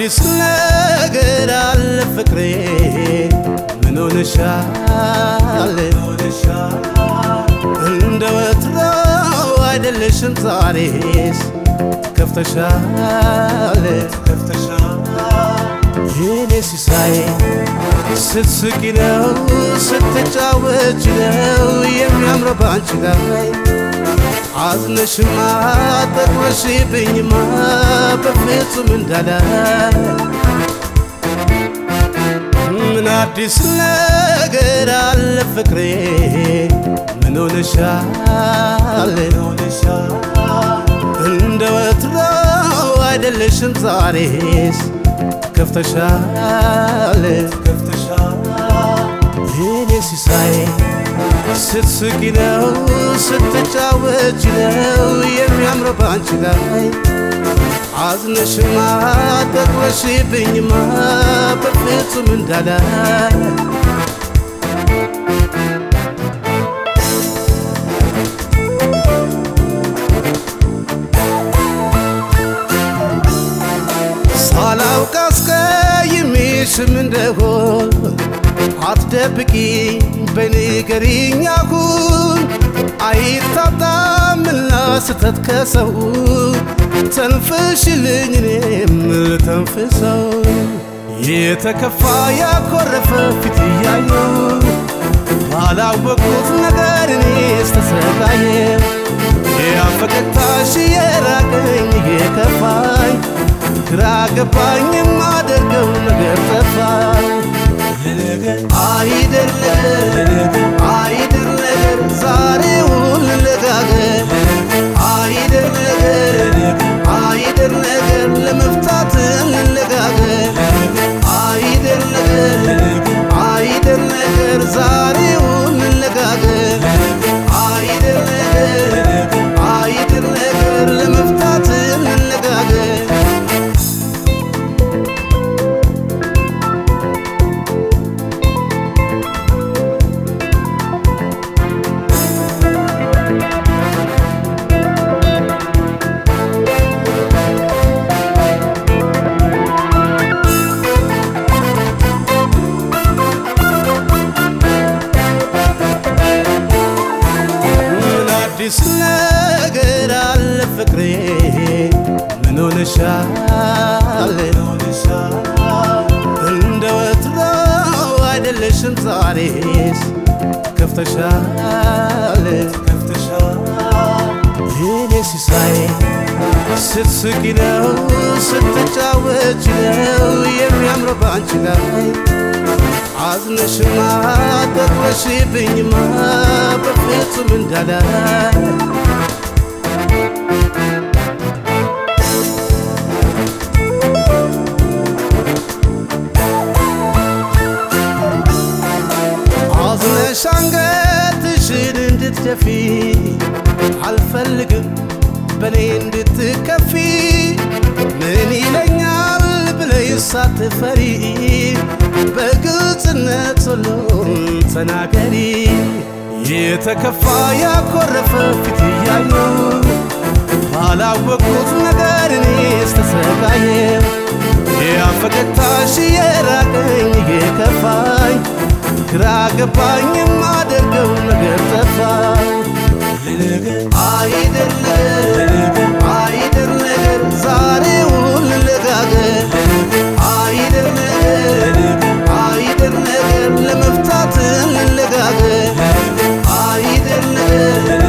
አዲስ ነገር አለ ፍቅሬ ምን ሆነሻል እንደ ወትሮው አይደለሽም ዛሬስ ትከፍተሻል የኔ ሲሳይ ስትስቂ ነው ስትጫወች ነው የሚያምረው ባንቺ ላይ አዝነሽማ ጠቅመሽብኝማ በፍጹም እንዳላይ ምን አዲስ ነገር አለ ፍቅሬ ምን ሆነሻል እንደ ወትሮው አይደለሽም ዛሬስ ከፍተሻል ከፍተሻል የኔ ሲሳይ ስትስቂ ነው ስትጫወች ነው የሚያምረው ባንቺ ላይ አዝነሽማ ጠቅመሽብኝማ በፍጹም እንዳላይ ሳላውቅ አስቀይሜሽ እንደሆን አትደብቂ በንገሪኛሁ ስተት ከሰው ተንፈሽልኝ እኔም ልተንፍሰው የተከፋ ያኮረፈ ፊት እያየው ባላወቅኩት ነገር እኔ ስተሰቃየ ያፈገግታሽ የራቀኝ የከፋኝ ግራ ገባኝ የማደርገው ነገር ጠፋኝ አይደለም ሆነሻል እንደ ወትሮው አይደለሽም ዛሬስ ከፍተሻል የኔ ሲሳይ ስትስቂ ነው ስትጫወች ነው የሚያምረው ባንቺ ላይ አዝነሽማ ጠቅመሽብኝማ በፍጹም እንዳላይ እንድትደፊ አልፈልግ በኔ እንድትከፊ ምን ይለኛል ብለሽ ሳትፈሪ በግልጽነት ሁሉ ተናገሪ። የተከፋ ያኮረፈ ፊት እያዩ ባላወቁት ነገር እኔ ተሰቃየ የአፈገታሽ የራቀኝ የከፋኝ ግራ ገባኝም Yeah.